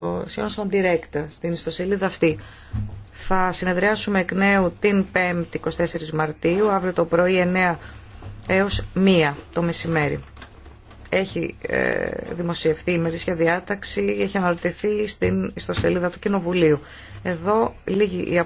Science στον Direct στην ιστοσελίδα αυτή. Θα συνεδριάσουμε εκ νέου την 5η 24 Μαρτίου, αύριο το πρωί 9 έως 1 το μεσημέρι. Έχει ε, δημοσιευθεί η ημερήσια διάταξη, έχει αναρωτηθεί στην ιστοσελίδα του Κοινοβουλίου. Εδώ λίγη η